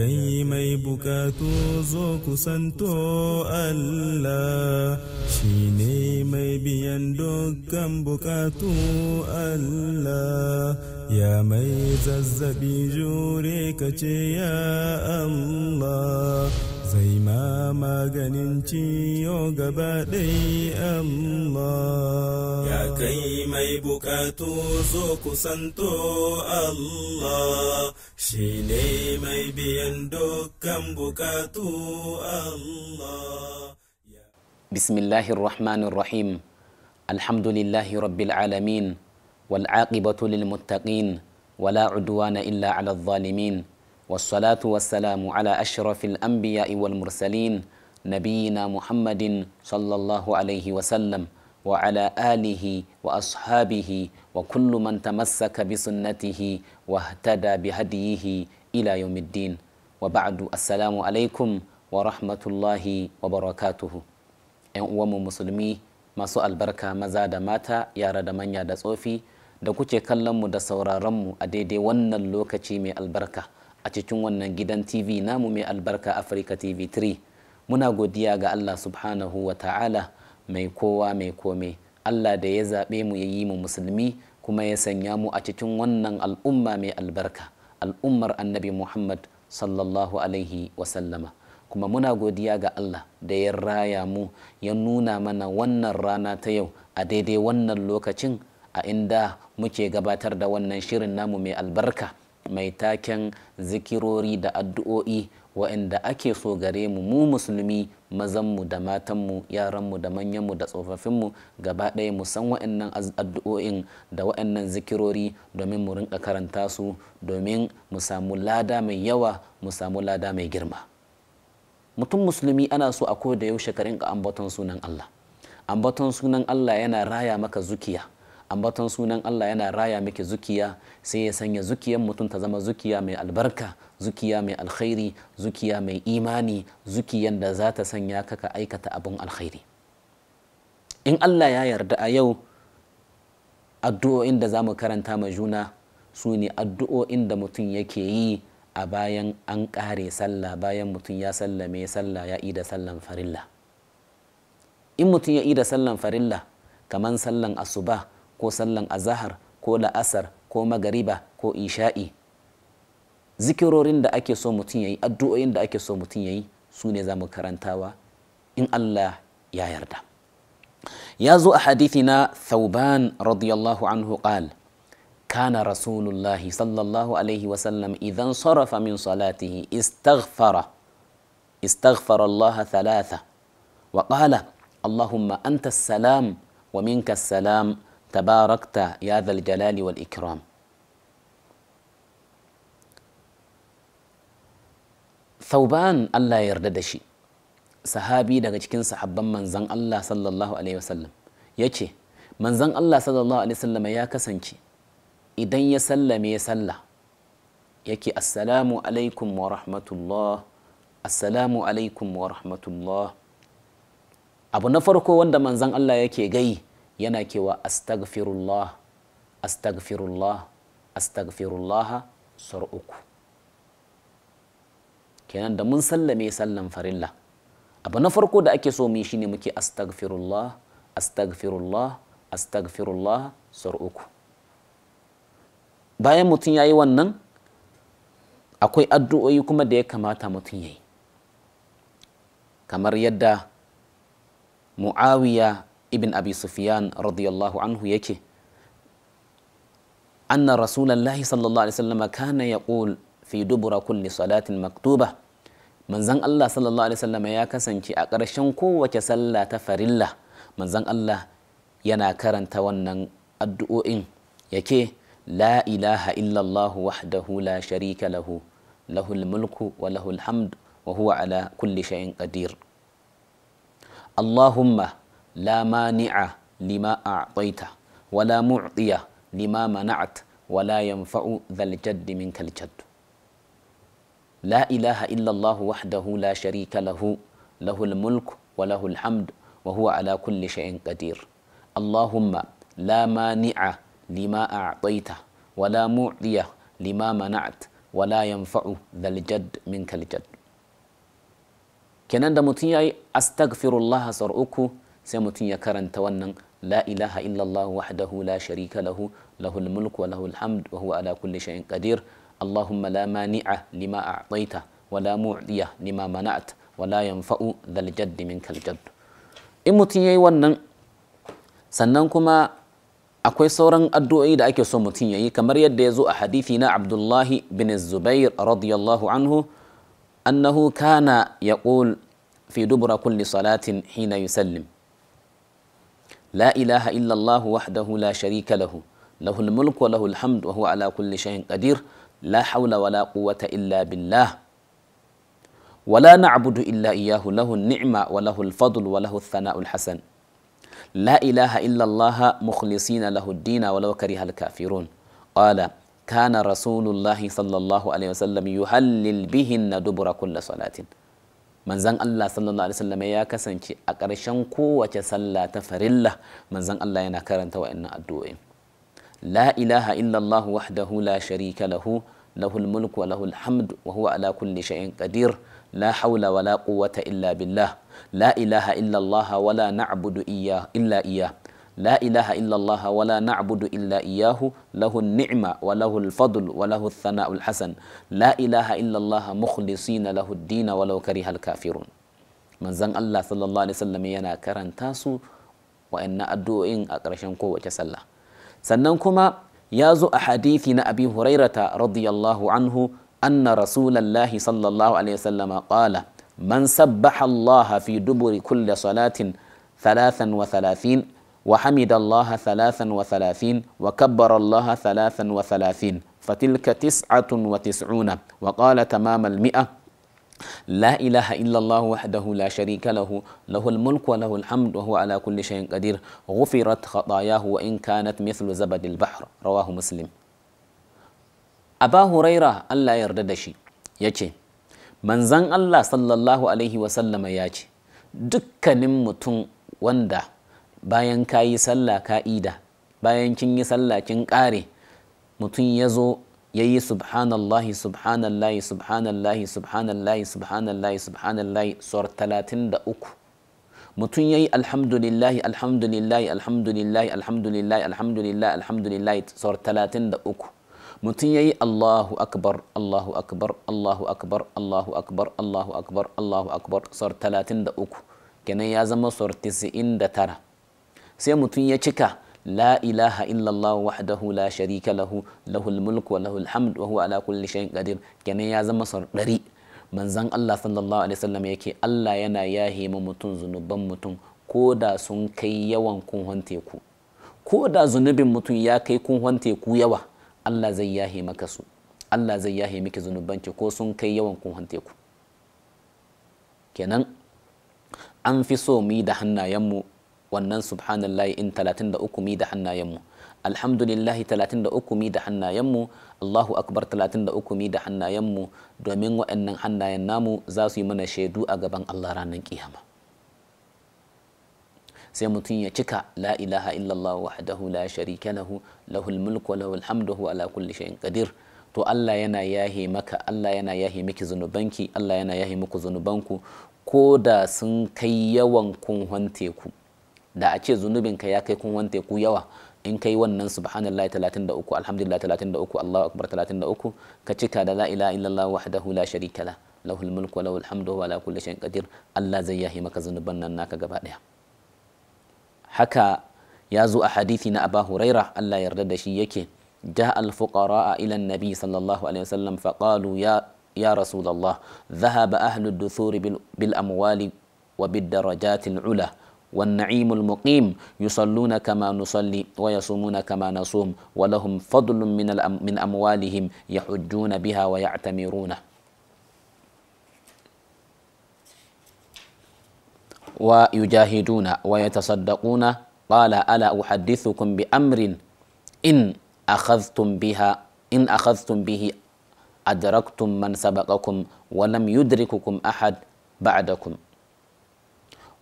kai mai bukatu zo ku santo Allah shi ne mai biyan dukkan bukatu Allah ya mai zazzabi jure ka ce ya Allah زي ما ما جننتي وقبالي الله يا كي ما يبكاتو زوك سنتو الله شيني ما يبيندو كم بكاتو الله بسم الله الرحمن الرحيم الحمد لله رب العالمين والعاقبة للمتقين ولا عدوان إلا على الظالمين والصلاة والسلام على أشرف الأنبياء والمرسلين نبينا محمد صلى الله عليه وسلم وعلى آله وأصحابه وكل من تمسك بسنته واهتدى بهديه إلى يوم الدين وبعد السلام عليكم ورحمة الله وبركاته أن uwanmu مسلمي ما سؤال بركة da mata yara da manya da tsofi دكوتي kuke kallon mu أديدي ونن لوكتي a البركة a cikin wannan gidan tv namu mai albarka africa tv 3 muna godiya ga allah subhanahu wa ta'ala mai kowa mai kome allah da ya zaɓe mu ya yi mu musulmi kuma ya sanya mu a cikin wannan al'umma mai albarka al'ummar annabi muhammad sallallahu alaihi wasallama kuma muna godiya ga allah da ya raya mu ya nuna mana wannan rana ta yau a daidai wannan lokacin a inda muke gabatar da wannan shirin namu mai albarka mai taken zikirori da addu'o'i wa'inda ake so gare mu mu musulmi mazanmu da matanmu yaranmu da manyanmu da tsofaffinmu gaba ɗaya mu san waɗannan addu'o'in da waɗannan zikirori domin mu rinka karanta su domin mu samu lada mai yawa mu samu lada mai girma mutum musulmi ana so a koda yaushe ka rinka ambaton sunan Allah ambaton sunan Allah yana raya maka zukiya ambaton sunan Allah yana raya miki zukiya sai ya sanya zukiyan mutum ta zama zukiya mai albarka zukiya mai alkhairi zukiya mai imani zukiyan da za ta sanya kaka aikata abun alkhairi in Allah ya yarda a yau addu'o'in da za mu karanta ma juna su ne addu'o'in da mutum yake yi a bayan an ƙare sallah bayan mutum ya sallame sallah ya ida sallan farilla in mutum ya ida sallan farilla kamar sallan asuba ko sallan azahar ko la asar ko magariba ko isha'i zikirorin da ake so mutun yayi yi addu'o'in da ake so mutun yayi yi su ne za karantawa in Allah ya yarda yazo zo a hadithi thauban radiyallahu anhu qal كان رسول الله صلى الله عليه وسلم إذا sarafa من صلاته استغفر استغفر الله ثلاثة وقال اللهم أنت السلام ومنك السلام tabarakta ya zal jalali wal ikram thauban Allah ya yarda da shi sahabi daga cikin sahabban manzan Allah sallallahu alaihi ya ce manzan Allah sallallahu alaihi ya kasance idan ya sallame ya sallah yake assalamu alaikum wa rahmatullah assalamu alaikum wa rahmatullah abu na farko wanda manzan Allah yake gai yana kewa astagfirullah astagfirullah astagfirullah sar uku kenan da mun sallame sallan farilla abu na farko da ake so mu shine muke astagfirullah astagfirullah astagfirullah sar uku bayan mutum ya yi wannan akwai addu'o'i kuma da ya kamata mutum ya yi kamar yadda mu'awiya ibn abi sufyan radiyallahu anhu yake anna rasulallahi sallallahu alaihi wasallam kana yaqul fi dubura kulli salatin maktuba manzan Allah sallallahu alaihi wasallam ya kasance a ƙarshen kowace sallah ta farilla manzan Allah yana karanta wannan addu'o'in yake la ilaha illallah wahdahu la sharika lahu lahul mulku wa lahul hamd wa huwa ala kulli shay'in qadir Allahumma لا مانع لما أعطيت ولا معطي لما منعت ولا ينفع ذا الجد منك الجد لا إله إلا الله وحده لا شريك له له الملك وله الحمد وهو على كل شيء قدير اللهم لا مانع لما أعطيت ولا معطي لما منعت ولا ينفع ذا الجد منك الجد kenan da mutum ya yi sai mutum ya karanta wannan la ilaha illallah wahdahu la sharika lahu lahul mulk wa lahul hamd wa huwa ala kulli shay'in qadir allahumma la mani'a lima a'taita wa la mu'diya lima mana'at wa la yanfa'u dhal jadd minkal jadd in mutum yayi wannan sannan kuma akwai sauran addu'o'i da ake so mutum yayi kamar yadda ya zo a hadisi na abdullahi bin zubair radiyallahu anhu annahu kana yaqul fi dubura kulli salatin hina yusallim لا إله إلا الله وحده لا شريك له له الملك وله الحمد وهو على كل شيء قدير لا حول ولا قوة إلا بالله ولا نعبد إلا إياه له النعمة وله الفضل وله الثناء الحسن لا إله إلا الله مخلصين له الدين ولو كره الكافرون قال كان رسول الله صلى الله عليه وسلم يهلل بهن دبر كل صلاة manzan Allah sallallahu alaihi wasallam ya kasance a ƙarshen kowace sallah ta farilla manzan Allah yana karanta wa'annan addu'o'in la ilaha illallah wahdahu la sharika lahu lahul mulku wa lahul hamd wa huwa ala kulli shay'in qadir la حول ولا illa إلا la لا illa Allah Wala ولا نعبد إياه illa لا إله إلا الله ولا نعبد إلا إياه له النعمة وله الفضل وله الثناء الحسن لا إله إلا الله مخلصين له الدين ولو كره الكافرون من زن الله صلى الله عليه وسلم ينا كرن تاسو وإن أدوئن أقرشن قوة سلا سنن كما يازو أحاديثنا أبي هريرة رضي الله عنه أن رسول الله صلى الله عليه وسلم قال من سبح الله في دبر كل صلاة ثلاثا وثلاثين وحمد الله ثلاثا وثلاثين وكبر الله ثلاثا وثلاثين فتلك تسعة وتسعون وقال تمام المئة لا إله إلا الله وحده لا شريك له له الملك وله الحمد وهو على كل شيء قدير غفرت خطاياه وإن كانت مثل زبد البحر رواه مسلم أبا هريرة الله يرددشي يجي زن الله صلى الله عليه وسلم يجي دكا نمتون وندا bayan ka yi sallah ka'ida bayan kin yi sallah kin ƙare mutum ya zo ya yi subhanallahi subhanallahi subhanallahi subhanallahi subhanallahi subhanallahi suwar talatin da uku mutum ya yi alhamdulillahi alhamdulillahi alhamdulillahi alhamdulillahi alhamdulillahi alhamdulillahi suwar talatin da uku mutum ya yi Allahu akbar Allahu akbar Allahu akbar Allahu akbar Allahu akbar Allahu akbar sor 33 kenan ya zama da tara. sai mutum ya cika la ilaha illallah wahdahu la sharika lahu lahul mulku wa lahul hamd wa huwa ala kulli shay'in qadir kenan ya zama sau manzon Allah sallallahu alaihi wasallam yake Allah yana yahe ma mutum zunuban mutum ko da sun kai yawan kunhon teku ko da zunubin mutum ya kai kunhon teku yawa Allah zai yahe maka su Allah zai yahe miki zunubanki ko sun kai yawan kunhon teku kenan an fi so mu yi da hannayenmu wannan subhanallahi in 33 mi da hannayenmu alhamdulillahi 33 mi da hannayenmu allahu akbar 33 mi da hannayenmu domin waɗannan hannayen namu za su yi mana shaidu a gaban allah ranar kiyama sai mutum ya cika la ilaha illallah wahdahu la sharika lahu lahul mulku wa lahul hamdu ala kulli shay'in qadir to Allah yana yahe maka Allah yana yahe miki zunubanki Allah yana yahe muku zunubanku ko da sun kai yawan kunhon ku. da a ce ka ya kai kun wanta ku yawa in kai wannan subhanallah 33 alhamdulillah 33 Allahu akbar 33 ka cika da la ilaha illallah wahdahu la sharika la lahul mulku wa lahul hamdu wa la kulli shay'in qadir Allah zai yahi maka zunuban nan naka gaba daya haka ya zo a hadithi na Abu Huraira Allah yarda da shi yake جاء الفقراء إلى النبي صلى الله عليه وسلم فقالوا يا يا رسول الله ذهب أهل الدثور بالأموال وبالدرجات العلى والنعيم المقيم يصلون كما نصلي ويصومون كما نصوم ولهم فضل من من أموالهم يحجون بها ويعتمرون ويجاهدون ويتصدقون قال ألا أحدثكم بأمر إن أخذتم بها إن أخذتم به أدركتم من سبقكم ولم يدرككم أحد بعدكم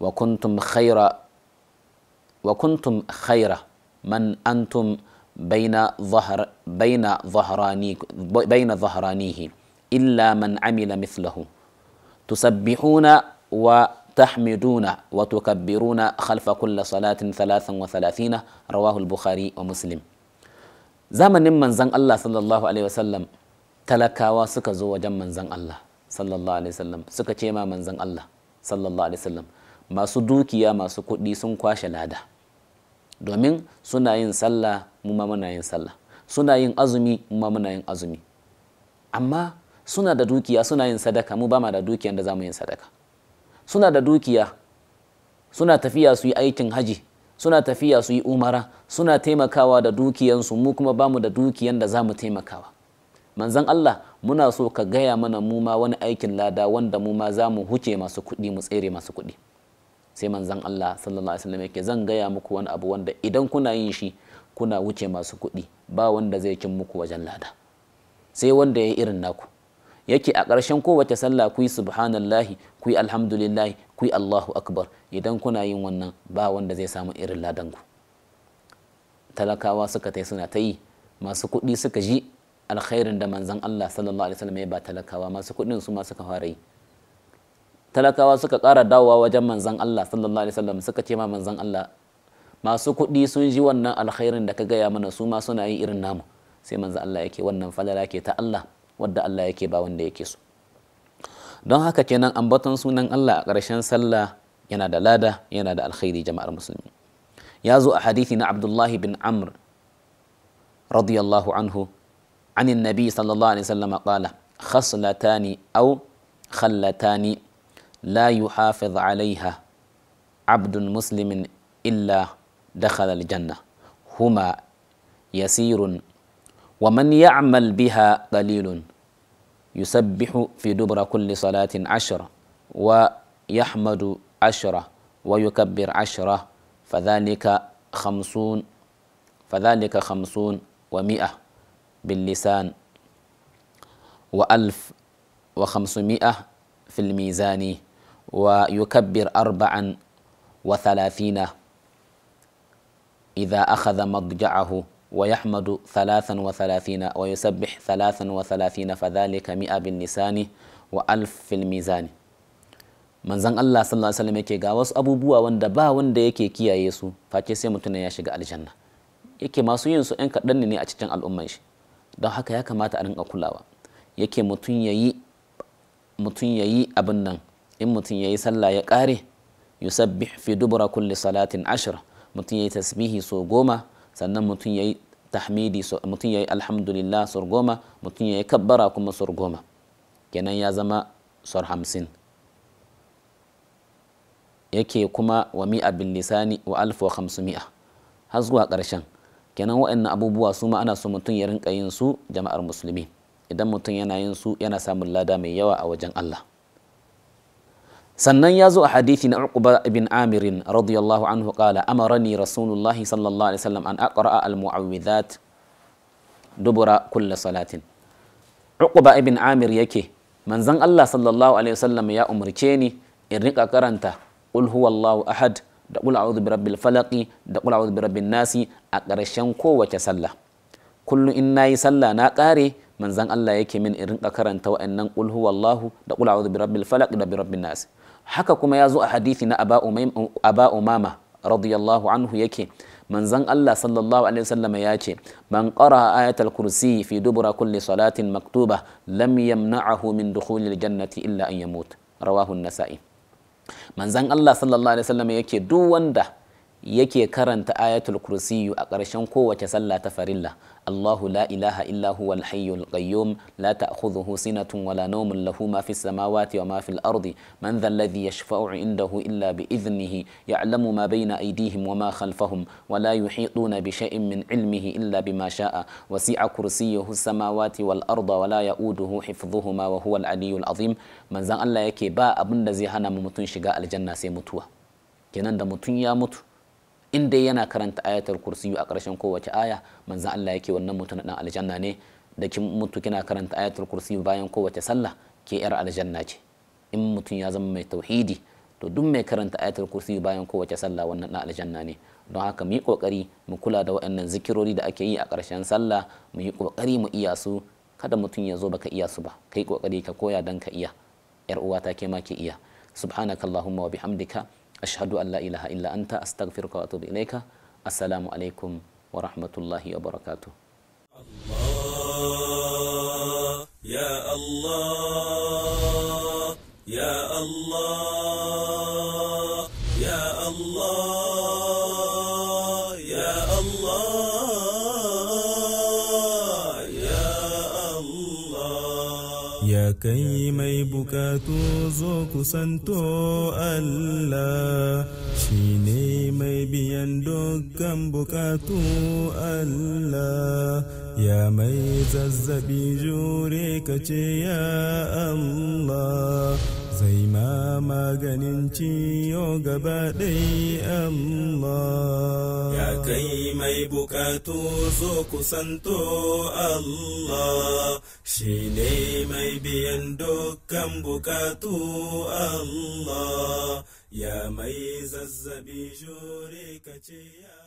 وكنتم خير وكنتم خير من أنتم بين ظهر بين ظهراني بين ظهرانيه إلا من عمل مثله تسبحون وتحمدون وتكبرون خلف كل صلاة ثلاثا وثلاثين رواه البخاري ومسلم زمن من زن الله صلى الله عليه وسلم talakawa suka zo الله manzan Allah sallallahu alaihi wasallam suka من زن الله صلى الله عليه وسلم masu dukiya masu kuɗi sun kwashe lada domin suna yin sallah mu ma muna yin sallah suna yin azumi mu ma muna yin azumi amma suna da dukiya suna yin sadaka mu ba ma da dukiyan da za mu yin sadaka suna da dukiya suna tafiya su yi aikin haji suna tafiya su yi umara suna taimakawa da dukiyansu mu kuma ba mu da dukiyan da mu taimakawa manzan Allah muna so ka gaya mana mu ma wani aikin lada wanda mu ma za mu huce masu kuɗi mu tsere masu kuɗi sai manzan Allah sallallahu alaihi wasallam yake zan gaya muku wani abu wanda idan kuna yin shi kuna wuce masu kuɗi ba wanda zai cin muku wajen lada sai wanda ya irin naku yake a ƙarshen kowace sallah ku yi subhanallahi ku yi alhamdulillahi ku yi Allahu akbar idan kuna yin wannan ba wanda zai samu irin ladan ku talakawa suka tai suna ta yi masu kuɗi suka ji alkhairin da manzan Allah sallallahu alaihi wasallam ya ba talakawa masu kuɗin su ma suka fara yi talakawa suka ƙara dawowa wajen manzan Allah sallallahu alaihi wasallam suka ce ma manzan Allah masu kuɗi sun ji wannan alkhairin da ka gaya mana su ma suna yin irin namu sai manzan Allah yake wannan falala ke ta Allah wadda Allah yake ba wanda yake so don haka kenan ambaton sunan Allah a ƙarshen sallah yana da lada yana da alkhairi jama'ar musulmi ya zo a hadithi na Abdullahi bin Amr radiyallahu anhu عن النبي صلى الله عليه وسلم قال خصلتان أو خلتان لا يحافظ عليها عبد مسلم إلا دخل الجنة هما يسير ومن يعمل بها قليل يسبح في دبر كل صلاة عشرة ويحمد عشرة ويكبر عشرة فذلك خمسون فذلك خمسون ومئة باللسان وألف وخمسمائة في الميزان ويكبر أربعا وثلاثين إذا أخذ مضجعه ويحمد ثلاثا وثلاثين ويسبح ثلاثا وثلاثين فذلك مئة باللسان وألف في الميزان manzon Allah sallallahu alaihi wasallam yake ga wasu abubuwa wanda ba wanda yake kiyaye su face sai mutum ya shiga aljanna yake masu yin su ɗan kaɗan ne a cikin al'umman shi don haka ya kamata a rinka kulawa yake mutum ya yi abin nan in mutum ya yi sallah ya ƙare yusabbih fi dubura kulli salatin ashir mutum ya yi tasbihi so goma sannan mutum ya yi tahmidi mutum ya yi alhamdulillah sur goma mutum ya yi kabbara kuma sur goma kenan ya zama sur hamsin yake kuma wa mi'a bin lisani wa alfu wa mi'a har zuwa ƙarshen kenan waɗannan abubuwa su ma ana so mutum ya rinka yin su jama'ar musulmi idan mutum yana yin su yana samun lada mai yawa a wajen Allah sannan ya zo a hadithi na uqba ibn amirin radiyallahu anhu qala amarani rasulullahi sallallahu alaihi wasallam an aqra al dubura kulla salatin uqba ibn amir yake manzon Allah sallallahu alaihi wasallam ya umarce ni in rika karanta qul huwallahu ahad da qul a'udhu birabbil falaqi da qul a'udhu birabbin nasi a ƙarshen kowace sallah kullum in nayi sallah na kare manzon Allah yake min in rika karanta wa'annan qul huwallahu da qul a'udhu birabbil falaq da birabbin nasi haka kuma ya zo a hadithi na aba umama radiyallahu anhu yake manzon Allah sallallahu alaihi wasallam ya ce man qara ayatul kursi fi dubura kulli salatin maktuba lam yamna'ahu min dukhulil jannati illa an yamut rawahu an-nasa'i manzon Allah sallallahu alaihi wasallam yake duk wanda yake karanta ayatul kursiyu a ƙarshen kowace sallah ta farilla Allahu la ilaha illa huwa al-hayyul qayyum la ta'khudhuhu sinatun wala nawmun lahu ma fis samawati wa ma fil ardi man dhal ladhi yashfa'u 'indahu illa bi idhnihi ya'lamu ma bayna aydihim wa ma khalfahum wa la yuhituna bi shay'in min 'ilmihi illa bima sha'a wasi'a kursiyyuhu samawati wal arda wa la ya'uduhu hifdhuhuma wa huwa al-'aliyyul 'azim manzan Allah yake ba abin da zai hana mutun shiga aljanna sai mutuwa kenan da mutun ya mutu in dai yana karanta ayatul kursiyu a ƙarshen kowace aya manzan Allah yake wannan mutum ɗan aljanna ne da kin mutu kina karanta ayatul kursiyu bayan kowace sallah ke yar aljanna ce in mutum ya zama mai tauhidi to duk mai karanta ayatul kursi bayan kowace sallah wannan ɗan aljanna ne don haka mu yi kokari mu kula da waɗannan zikirori da ake yi a ƙarshen sallah mu yi kokari mu iya su kada mutum ya zo baka iya su ba kai kokari ka koya dan ka iya yar uwa ta ke ma ke iya subhanakallahumma wa bihamdika أشهد أن لا إله إلا أنت أستغفرك وأتوب إليك السلام عليكم ورحمة الله وبركاته الله يا الله يا الله kai mai bukatu zo kusanto Allah shi ne mai biyan dukkan bukatu Allah ya mai zazzabi jure kace ya Allah zai ma maganin ciyo gaba ɗai Allah. Ya kai mai bukatu zo kusanto Allah, shi ne mai biyan dukkan bukatu Allah, ya mai zazzabi jure ka ya